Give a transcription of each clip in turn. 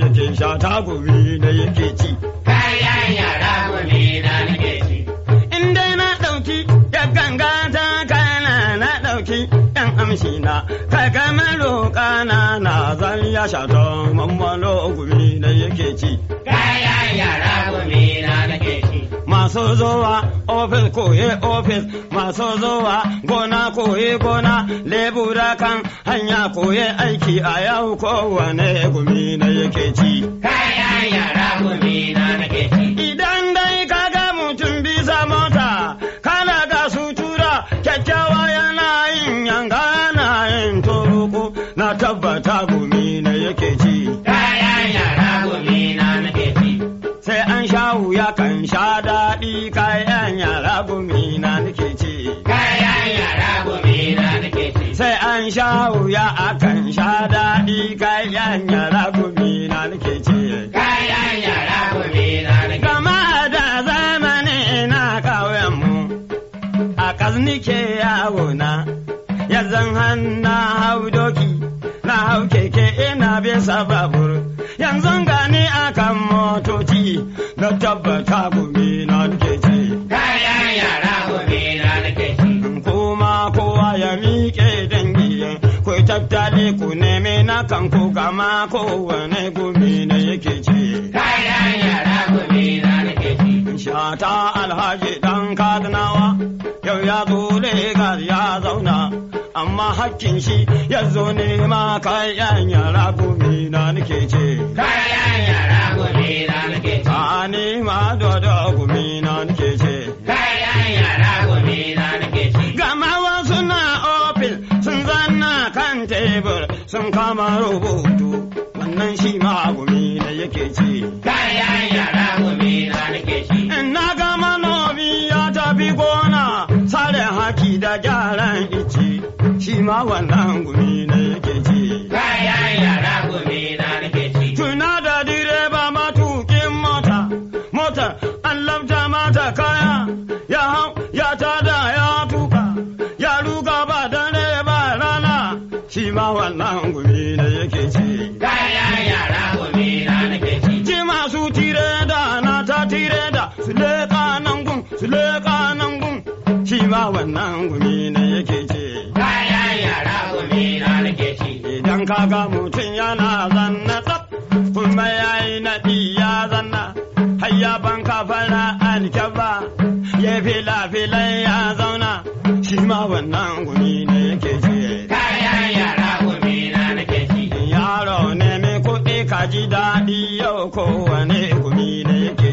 yake sha ta na yake ci. Kayan yara na nake ci. dai na ɗauki ya ganga ta kana na ɗauki ɗan amshi na ka gama na zan ya sha ta mammalo gumi na yake ci. Kayan yara na nake masu zuwa ofis koye ofis masu zuwa gona koye gona lebura kan hanya koye aiki a yau kowane gumi na yake ci. Kaya yara gumi na nake ci. Idan dai kaga mutum bisa mota kana ga sutura kyakkyawa yana yin yanga yana yin turuku na tabbata. kayan yara gumi na nake Kayan yara gumi na nake Sai an sha wuya akan sha daɗi kayan yara gumi na nake Kayan yara gumi na nake da zamani na mu a kaznike yawo na. Yanzan hannu na hau doki na hau keke ina bisa babur. Yanzu gani akan motoci na tabbata kan ko ma ko wane gumi na yake ce. Kayan yara gumi na nake ci. Shata alhaji dan kadanawa yau ya zo Legas ya zauna amma hakkin shi ya zo nema kayan yara gumi na nake ce. Kayan yara gumi sun kama rubutu wannan shi ma gumi da yake ci. Kayan yara gumi na nake shi. Na ga manomi ya tafi gona sare haki da gyaran ici shi ma wannan wannan gumi na yake ce. yara gumi na nake ci. Idan ka ga mutum yana zanna tsaf kuma ya yi naɗi ya zanna. Hayya ban ka fara alkyaba ya fila filan ya zauna shi ma wannan gumi na yake ce. Kaya yara gumi na nake ci. Yaro ne mai kuɗi ka ji daɗi yau kowane gumi na yake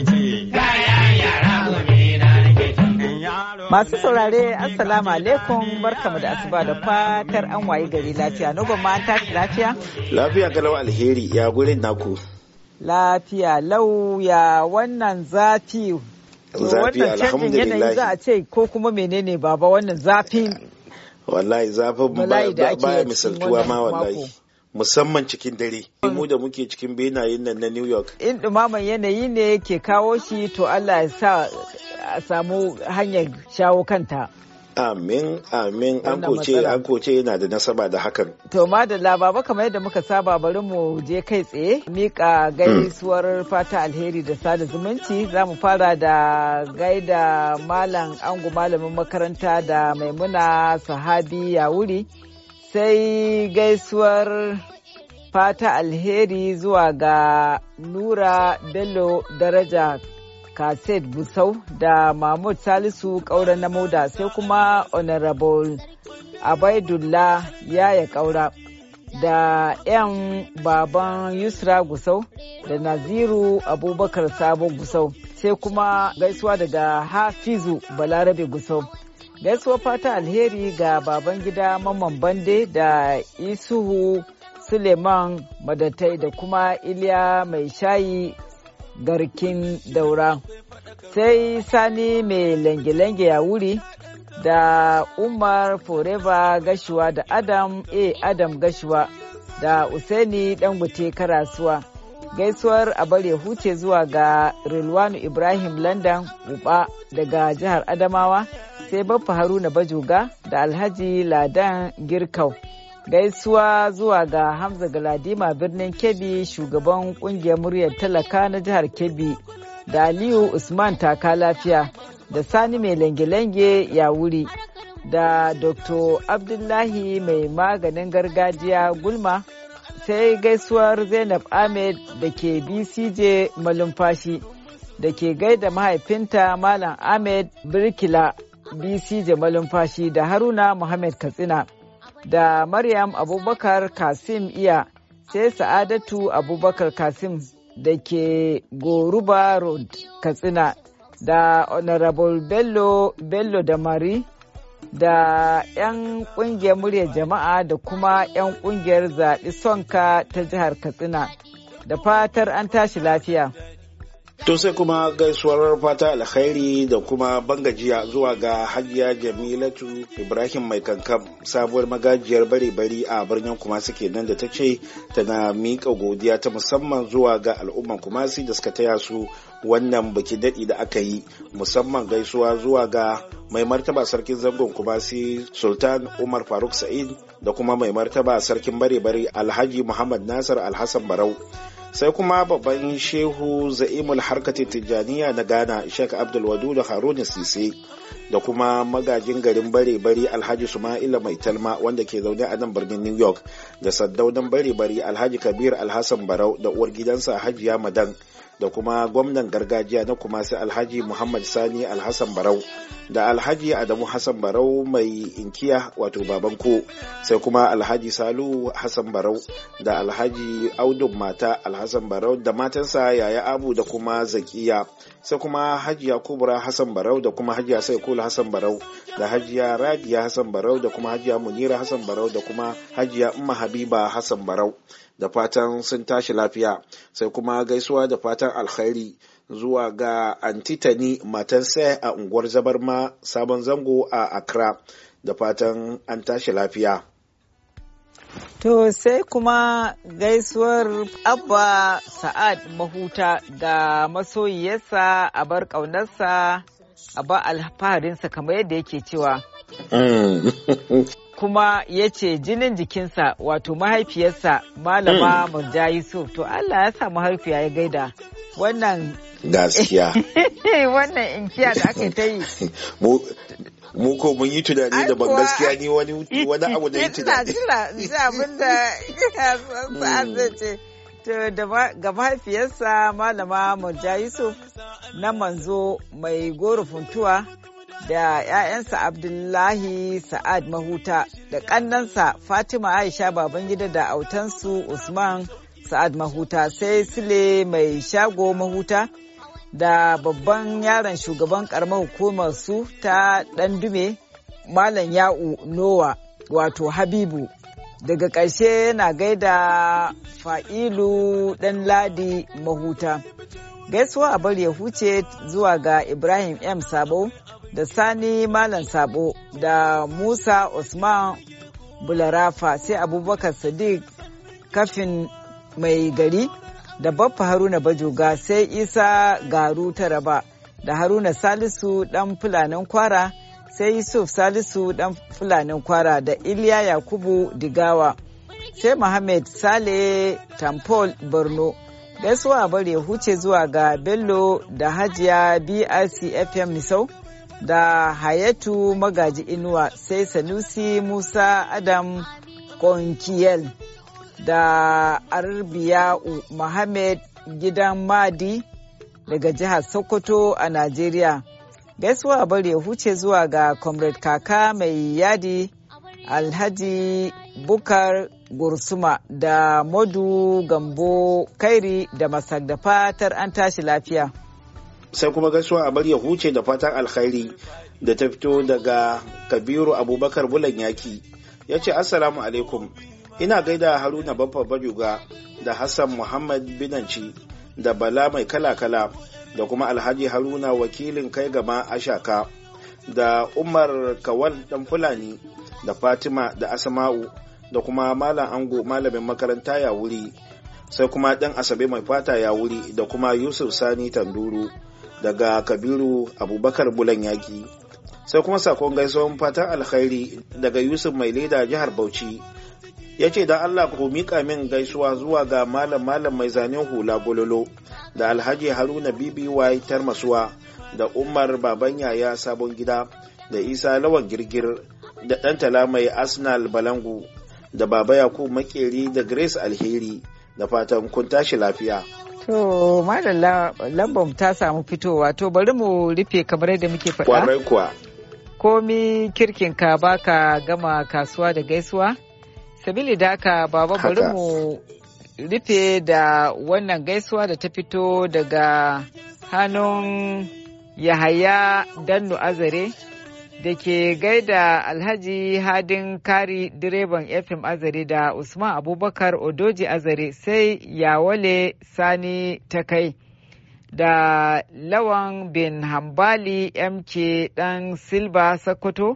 Masu saurare Assalamu alaikum barkamu da asuba da fatar an wayi gari lafiya. Noban ma an tashi lafiya? Lafiya kalau alheri ya gurin naku. Lafiya lauya wannan zafi. Zafi alhamdulillahi. Wannan yanayi za a ce ko kuma menene baba wannan zafi. Wallahi zafin ya misaltuwa ma wallahi. musamman cikin dare. Mu da muke cikin benayen nan na New York. In dumaman yanayi ne ke kawo shi to Allah ya sa a samu hanyar shawo kanta. Amin, amin, an koce, an koce yana da nasaba da hakan. To madalla baba kamar yadda muka saba bari mu je kai tsaye, mika gaisuwar fata alheri da sada zumunci za mu fara da gaida malam angu malamin makaranta da maimuna sahabi ya wuri. sai gaisuwar fata alheri zuwa ga nura bello daraja kaset busau da mahmud salisu kaura na moda sai kuma honorable abaidullah yaya kaura da 'yan baban yusra gusau da naziru abubakar sabo gusau sai kuma gaisuwa daga hafizu balarabe gusau Gaisuwar fata alheri ga baban gida Mamman Bande da Isuhu Suleiman Madatai da kuma Iliya Mai Shayi Garkin Daura. Sai Sani Mai Lange-Lange ya wuri da Umar Forever Gashuwa da Adam A. Adam Gashuwa da Usaini gute Karasuwa. gaisuwar a bare huce zuwa ga Rilwanu Ibrahim London Uba daga jihar Adamawa sai Baffa Haruna Bajoga da Alhaji Ladan Girkau. Gaisuwa zuwa ga Hamza Galadima birnin Kebbi shugaban kungiyar muryar talaka na jihar Kebbi da Aliyu Usman Taka Lafiya da Sani Mai Lange-Lange ya wuri da Dr. Abdullahi Mai Maganin Gargajiya Gulma sai gaisuwar Zainab Ahmed da ke BCJ Malumfashi. da ke gaida mahaifinta Malam Ahmed Birkila BC Jamalin Fashi da Haruna Muhammad Katsina da Maryam Abubakar Kasim Iya sai Sa'adatu Abubakar Kasim da ke Goruba Road Katsina da Honorable Bello Bello da Mari da 'yan kungiyar muryar jama'a da kuma 'yan kungiyar zaɓi sonka ta jihar Katsina da fatar an tashi lafiya. To sai kuma gaisuwar fata alkhairi da kuma bangajiya zuwa ga hajiya Jamilatu Ibrahim mai kankan sabuwar magajiyar bari-bari a birnin Kumasi ke nan da ta ce tana miƙa godiya ta musamman zuwa ga al'umman Kumasi da suka taya su wannan biki daɗi da aka yi musamman gaisuwa zuwa ga mai martaba sarkin zangon Kumasi Sultan Umar Faruk Sa'id da kuma mai martaba sarkin bare-bare Alhaji Muhammad Nasir Alhassan Barau. sai kuma babban shehu za'imul harkatin tijjaniya na ghana sheikh abdulwadu da haruna sise da kuma magajin garin bare-bare alhaji suma'ila mai talma wanda ke zaune a nan birnin new york da saddaunan bare-bare alhaji kabir alhassan barau da uwar gidansa hajiya madan da kuma gwamnan gargajiya na kuma sai alhaji muhammad sani alhassan barau da alhaji adamu hassan barau mai inkiya wato babanko sai kuma alhaji salu hassan barau da alhaji audun mata alhassan barau da matansa yaya abu da kuma zakiya sai kuma hajiya Kubura hassan barau da kuma hajiya Sai kula hassan barau da hajiya rabia hassan barau da kuma hajiya munira hassan barau da kuma hajiya umma habiba hassan barau da fatan sun tashi lafiya sai kuma gaisuwa da fatan alkhairi zuwa ga antitani matan sai a unguwar zabarma sabon zango a accra da fatan an tashi lafiya to sai kuma gaisuwar abba sa'ad mahuta da masoyiyarsa a bar ƙaunarsa a ba alfaharinsa kamar yadda yake cewa mm. kuma ya ce jinin jikinsa wato mahaifiyarsa malama mm. murjayi yusuf to allah ya sa mahaifiya ya gaida wannan gaskiya wannan inkiya da aka ta yi mu ko mun yi tunani da ban gaskiya ni wani wani abu da yi tunani ina jira abin da su hmm. an ce to ga mahaifiyarsa malama murja yusuf na manzo mai goro funtuwa da 'ya'yansa abdullahi sa'ad mahuta da ƙannansa fatima aisha babangida da autansu usman sa'ad mahuta sai sile mai shago mahuta da babban yaron shugaban karamar hukumar su ta dume malam ya'u nowa wato habibu daga ƙarshe yana gaida fa'ilu ɗan ladi mahuta gaisuwa a bar ya huce zuwa ga ibrahim m sabo da sani malam sabo da musa usman bularafa sai abubakar sadiq kafin mai gari da baffa haruna bajoga sai isa garu taraba da haruna salisu dan fulanin kwara sai yusuf salisu dan fulanin kwara da iliya yakubu digawa sai Mohammed Sale Tampol Borno. Gaisuwa bare huce zuwa ga Bello da Hajiya BRC FM Misau da Hayatu Magaji Inuwa sai Sanusi Musa Adam Konkiyel da arbiya'u Muhammad gidan Madi daga jihar Sokoto a Najeriya. Gaisuwa bari ya huce zuwa ga Comrade Kaka mai yadi Alhaji Bukar Gursuma da Modu Gambo Kairi da Masak da fatar an tashi lafiya. Sai kuma gaisuwa a bari ya huce da fatan alkhairi da ta fito daga Kabiru Abubakar Bulan Yaki. Ya ce Assalamu alaikum. ina gaida haruna bamfa bajuga da hassan muhammad binanci da bala mai kala-kala da kuma alhaji haruna wakilin kai gama ashaka da umar kawal dan fulani da fatima da asama'u da kuma malam ango malamin makaranta ya wuri sai kuma dan asabe mai fata ya wuri da kuma yusuf sani tanduru daga kabiru abubakar bulan yaki sai kuma sakon gaisuwan fatan alkhairi daga yusuf mai leda jihar bauchi ya ce da Allah ku miƙa min gaisuwa zuwa ga malam malam mai zanen hula gololo da alhaji haruna bby tarmasuwa da umar baban yaya sabon gida da isa lawan girgir da tala mai arsenal balangu da baba yakub makeri da grace alheri da fatan kun tashi lafiya To, Malam Lambam ta samu fitowa, to bari mu rufe kamar yadda muke faɗa. Kwarai kuwa. Komi ka baka gama kasuwa da gaisuwa? Sabili da haka baba bari mu rufe da wannan gaisuwa da ta fito daga hannun Yahaya Dannu Azare da ke gaida Alhaji Hadin Kari direban FM Azare da Usman Abubakar Odoji Azare sai Yawale Sani ta kai da Lawan bin Hambali MK Dan Silba sakoto.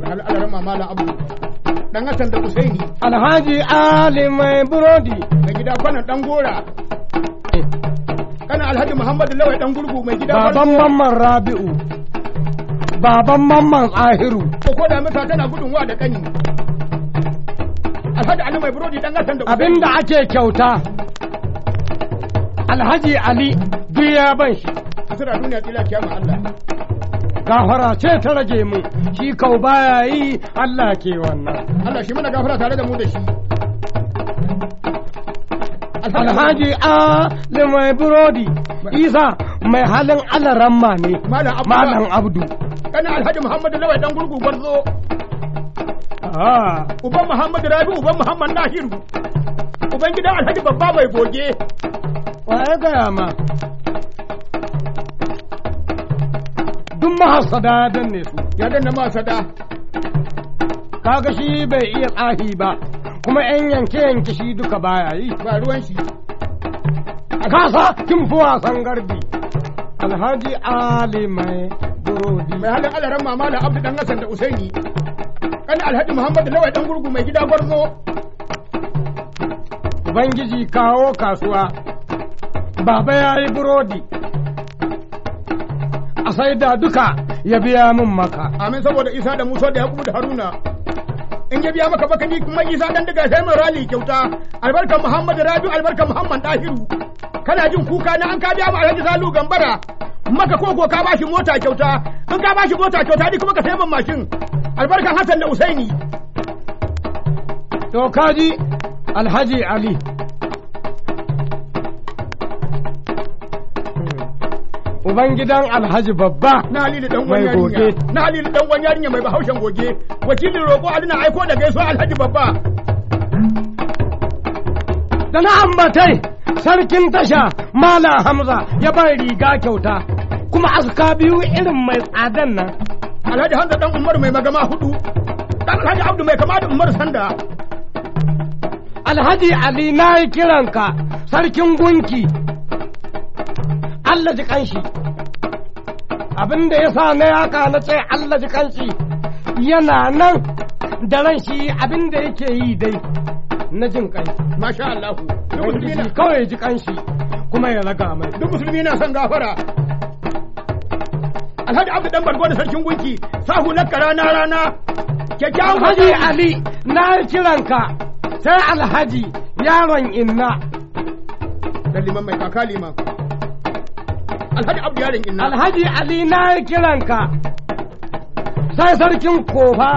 al'adar mamala abu dan hasan da husaini alhaji ali mai burodi da gida kwana dan gora kana alhaji muhammadu lawai dan gurgu mai gida baban mamman rabi'u baban mamman ahiru ko da mutane tana gudun wa da kani alhaji ali mai burodi dan hasan da abinda ake kyauta alhaji ali duk ban shi a duniya tsila kiyama allah gafara ce ta rage mu shi kau baya yi Allah ke wannan Allah shi mana gafara tare da mu da shi Alhaji A da mai burodi Isa mai halin Allah ramma ne Malam Abdu Kana Alhaji Muhammadu Lawai dan gurgu gwarzo ah. Uban Muhammadu Rabi Uban Muhammadu Nahiru Uban gidan Alhaji babba mai goge Wa ya gaya ma duk mahasada ya danne su ya danne mahasada kaga shi bai iya tsahi ba kuma yan yanke yanke shi duka baya yi ba ruwan shi a kasa kin fi wasan garbi. alhaji ali mai burodi mai halin alaran mama da abdu dan hasan da usaini kan alhaji muhammad lawai dan gurgu mai gida gwarzo ubangiji kawo kasuwa baba ya yi burodi sai da duka ya biya min maka amin saboda isa da musa da yakubu da haruna in ya biya maka baka ni kuma isa dan daga sai mai rali kyauta albarkar muhammad Rabi albarkar muhammad dahiru kana jin kuka na an ka biya mu alhaji salu gambara maka koko ka bashi mota kyauta in ka bashi mota kyauta ni kuma ka sai min mashin albarkar hassan da usaini to kaji alhaji ali uban gidan alhaji babba na Halilu dan wani yarinya na Halilu dan wani yarinya mai bahaushen goge wakilin roƙo ali na aiko da gaisuwa alhaji babba da na ambatai sarkin tasha malam hamza ya bar riga kyauta kuma aska biyu irin mai tsadan nan alhaji hamza dan umar mai magama hudu dan alhaji abdu mai kama da umar sanda alhaji ali na yi kiranka sarkin gunki Allah ji kanshi abin da ya sa na yaka na ce Allah ji kanshi yana nan da ran shi abin da yake yi dai na jin kai masha Allah musulmi kawai ji kanshi kuma ya raga mai duk musulmi na son gafara Alhaji Abdu dan bargo da sarkin gunki sahu na rana rana kyakkyawan Alhaji Ali na kiranka sai Alhaji yaron inna da liman mai kaka liman Alhaji Abdu yaron inna. Alhaji Ali na kiranka. Sai sarkin kofa.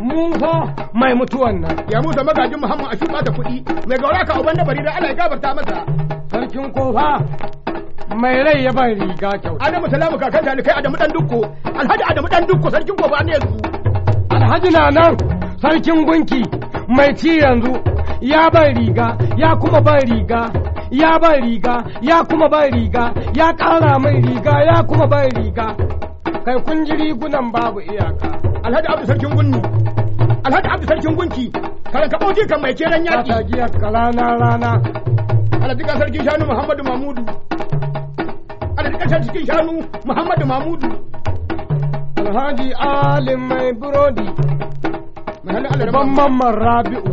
Musa mai mutuwan nan. Ya Musa magajin Muhammad a shuka da kuɗi. Mai gaura ka uban da bari da Allah ya gabarta masa. Sarkin kofa mai rai ya bai riga kyau. Adamu salamu kakan da kai Adamu dan dukko. Alhaji Adamu dan dukko sarkin kofa ne yanzu. Alhaji na nan sarkin gunki mai ci yanzu ya bai riga ya kuma bai riga ya ba riga ya kuma ba riga ya kara mai riga ya kuma ba riga kai kun ji rigunan babu iyaka alhaji abdu sarkin gunni alhaji abdu sarkin gunki kare ka ɓoje kan mai keran yaki. ta giya ka rana rana alhaji ka sarkin shanu muhammadu mamudu alhaji ka sarkin shanu muhammadu mamudu alhaji alim mai burodi mahalli alhaji mamman rabi'u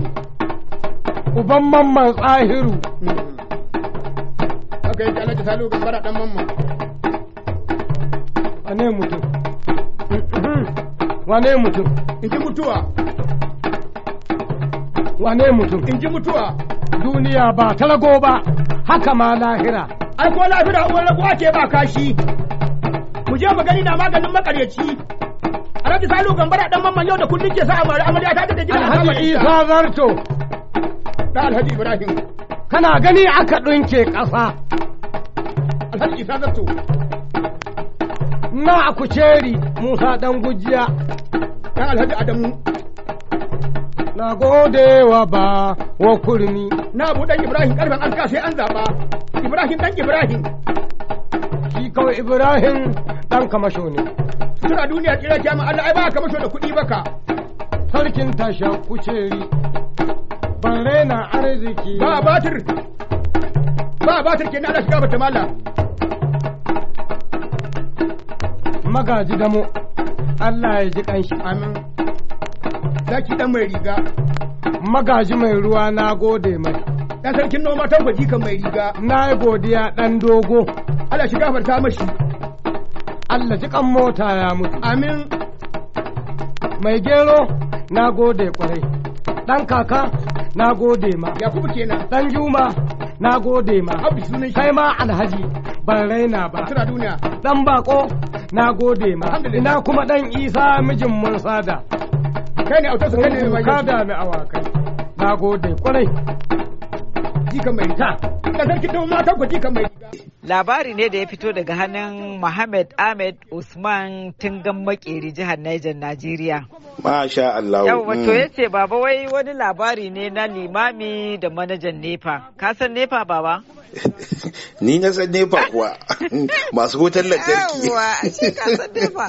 uban mamman tsahiru hmm. aka gaida alhaji salihu gambara dan mamma wane mutum wane mutum in ji mutuwa wane mutum in ji mutuwa duniya ba ta rago ba haka ma lahira ai ko lahira uwar rago ake ba kashi mu je mu gani na maganin makaryaci alhaji salihu gambara dan mamman yau da kullum ke sa amarya ta da gidan alhaji isa zarto da alhaji ibrahim kana gani aka ɗinke ƙasa al'isadatu ma a kuceri musa dan gujiya dan alhaji adamu na gode wa ba wa kurmi na abu dan ibrahim karfin alka sai an zaba ibrahim dan ibrahim shi kawai ibrahim dan kamasho ne suna duniya kira kiyama allah ai ba kamasho da kuɗi baka sarkin tasha kuceri bare na arziki ba batir ba batir kenan allah shiga bata mala magaji damo Allah ya ji kanshi amin zaki dan mai riga magaji mai ruwa na gode mai ya sarkin noma ta gwaji kan mai riga na yi godiya dan dogo Allah shi gafarta mashi Allah ji kan mota ya mutu amin mai gero na gode kwarai dan kaka na gode ma yakubu kenan dan juma na gode ma kai ma alhaji ban raina ba tura duniya dan bako na gode ma ina kuma dan isa mijin mun sada kai ne autosu kai ne mai da mai awakai na gode kwarai jika mai ta da sarki don mata ku jika mai labari ne da ya fito daga hannun Muhammad Ahmed Usman Tungan Makeri jihar Niger Najeriya. Masha Allah. Yau wato mm. ya ce baba wai wani labari ne na limami da manajan nefa. Ka san nefa baba? Ni na san nefa kuwa masu hoton lantarki. Yawwa, shi ka san nefa?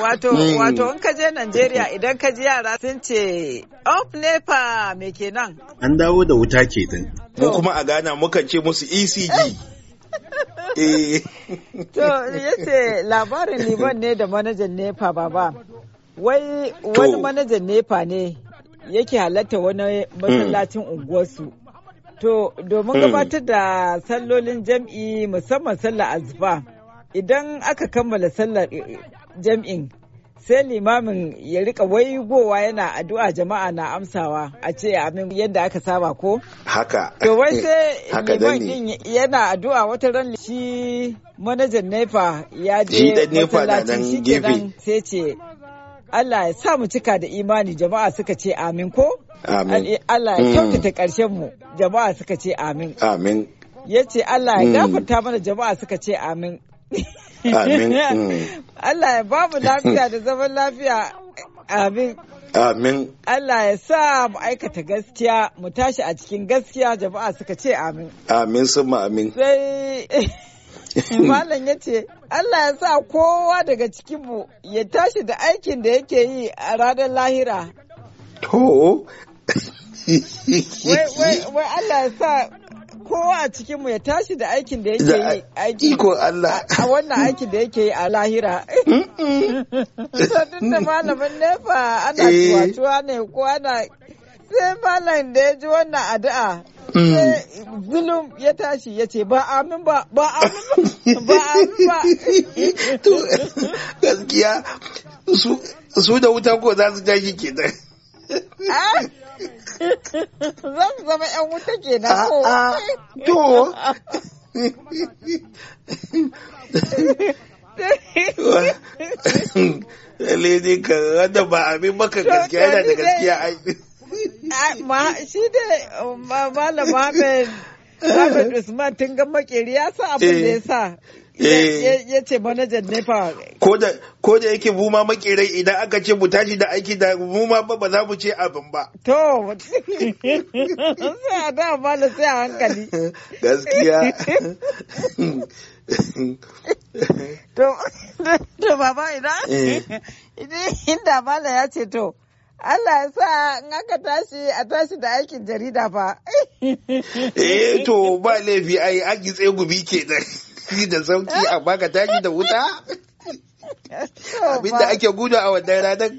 Wato mm. wato in ka je Najeriya idan ka ji yara sun ce of nefa" me kenan? An dawo da wuta ke Mu kuma a Ghana mukan ce musu ECG. Eh. to ya ce labarin liman ne da manajan nepa baba wai wani manajan nepa ne yake halatta wani masallacin mm. unguwarsu to domin mm. gabatar da sallolin jam'i musamman sallar azufa idan aka kammala sallar eh, jam'in sai limamin ya rika waigowa yana addu'a jama'a na amsawa a ce amin yadda aka saba ko haka to wai sai liman din yana addu'a wata ran shi manajan nefa ya je masallacin shi kenan sai ce Allah ya sa mu cika da imani jama'a suka ce amin ko Amin. Allah ya mm. kyautata ƙarshen mu jama'a suka ce amin. Amin. Ya ce Allah ya mm. gafarta mana jama'a suka ce amin. Amin. Mm. Allah ya babu lafiya da zaman lafiya. Amin. Amin. Allah ya sa mu aikata gaskiya mu tashi a cikin gaskiya jama'a suka ce amin. Amin summa amin. Sai Malam ya ce, Allah ya sa kowa daga cikinmu ya tashi da aikin da yake yi a ranar lahira. To. Wai Allah ya sa kowa a cikin mu ya tashi da aikin da yake yi iko Allah a wannan aikin da yake yi a lahira sannan da malamin nefa ana tuwatuwa eh. ne ko ana sai malamin da ya ji wannan addu'a mm. zulum ya tashi ya ce ba amin ba ba amin ba ba to gaskiya su da wuta ko za su tashi kenan ah! Zan zama 'yan wuta ke na ko. To. Lalle ne ka rada ba abin maka gaskiya yana da gaskiya ai. Ah, shi da Malam Muhammad Usman tun ga makeri ya sa abin da ya sa. Eh. Eh. ya ce manajan nefa ko da yake mu ma makirai idan aka ce mu tashi da aiki da mu ma ba za mu ce abin ba to sai a da da sai a hankali gaskiya to baba idan eh. inda mala ya ce to Allah ya sa in aka tashi a tashi da aikin jarida fa. Eh to ba laifi ai a gitse gubi ke dai. ci da sauki amma ka tashi da wuta abinda ake gudu a wannan ranar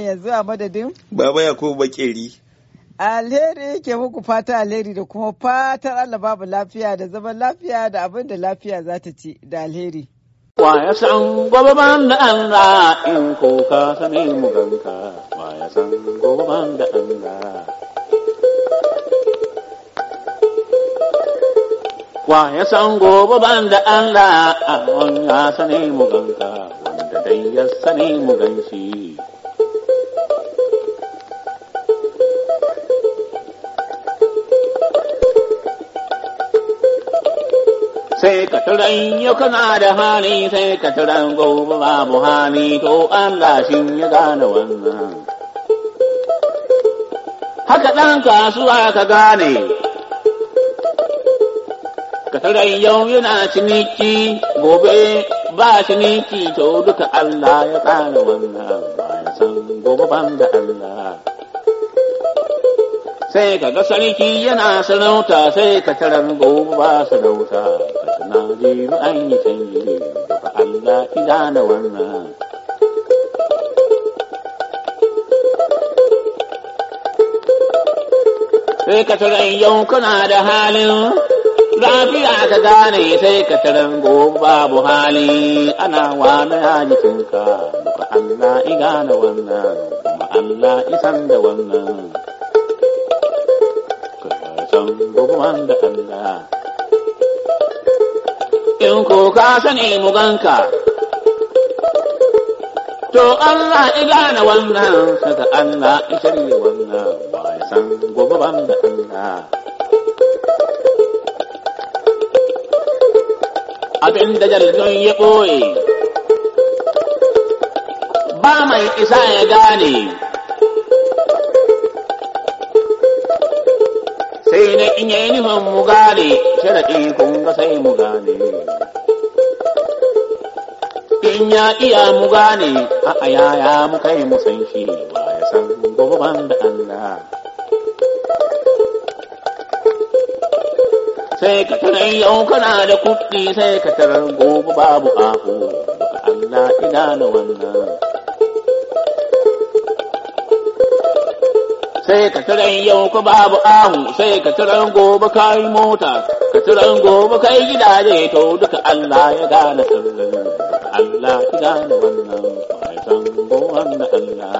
yanzu a madadin? Baba ya kuma bakeri. Alheri yake muku fata alheri da kuma fatar Allah babu lafiya da zaman lafiya da abin da lafiya za ta ci da alheri. wa ya san gobe ban da Allah in ko ka sani mu ganka wa ya san gobe ban da Allah wa ya san gobe ban da Allah a ya sani mu ganka wanda dai ya sani mu ganshi sai ka turan yau kana da hali sai ka turan gobe babu hali to Allah shi ya gane wannan. Haka ɗan kasuwa ka gane, ka turan yau yana ciniki gobe ba ciniki to duka Allah ya gane wannan ba ya san gobe ban da Allah. sai ka ga sarki yana sarauta sai ka tarar gobe ba sarauta. gero an yi canji ne ba Allah ki gane wannan. Sai ka tarai yau kuna da halin zafi a ka gane sai ka taran gobe babu hali ana wa na wani hajjikinka ba Allah i gane wannan ba Allah isan da wannan. Ka san gobe da Allah. in ko ka sani mu ganka. To Allah ya gane wannan, saka Allah ya wannan, ba ya san gobe ban da Allah. Abin da jaridun ya ɓoye, ba mai isa ya gane. ne in yi niman mu gane sharaɗi kun ga sai mu gane in ya iya mu gane a ayaya mu kai mu san shi ba ya san gobe da Allah sai ka tarar yau kana da kuɗi sai ka tarar gobe babu ahu Allah ina na wannan sai ka tiran yau ko babu ahu sai ka tiran gobe kai mota ka tiran gobe kai gidaje to duka Allah ya gane sirrin Allah ya gane wannan ai san wannan Allah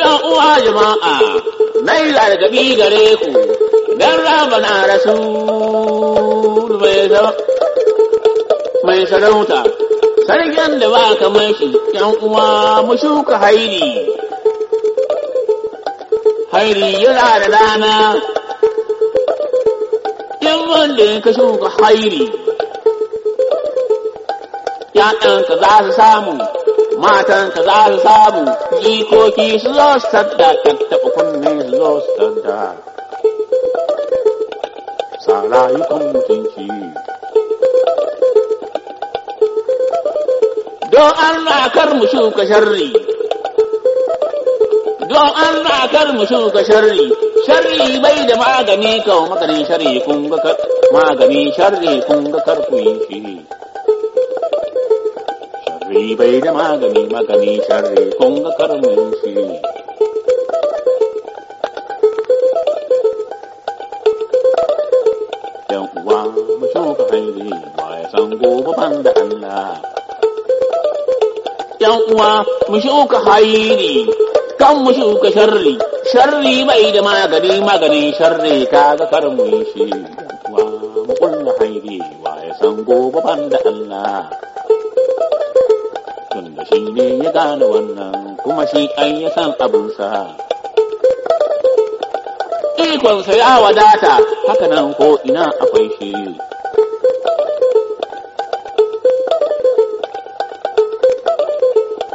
ya uwa jama'a nai gabi gare ku dan rabana rasul mai sarauta Sarkin da ba kamar shi, ‘yan uwa mu shuka hairi. Hairi yana da rana, in wanda ya ka shuka hairi, ‘ya'yanka za su samu, matanka za su samu, jikoki su zo su tadda, tattaɓa kunne su zo su tadda. Sa rayukan mutunci. don Allah kar mu shuka sharri don Allah kar mu shuka sharri sharri bai da magani kawo magani. sharri kun ga magani sharri kun ga kar ku yi shi sharri bai da magani magani sharri kun ga kar mu yi shi yan uwa mu shuka hanyoyi ba ya san gobe ban da Allah ‘yan uwa, mu shuka hairi, kan mu shuka sharri, sharri bai da magani magani sharri ka ga karmu mu yi shi. Wa mu hairi wa ya san gobe ban da Allah. Tunda shi ne ya gane wannan kuma shi an ya san abunsa. Ikonsa ya wadata, haka nan ko ina akwai shi.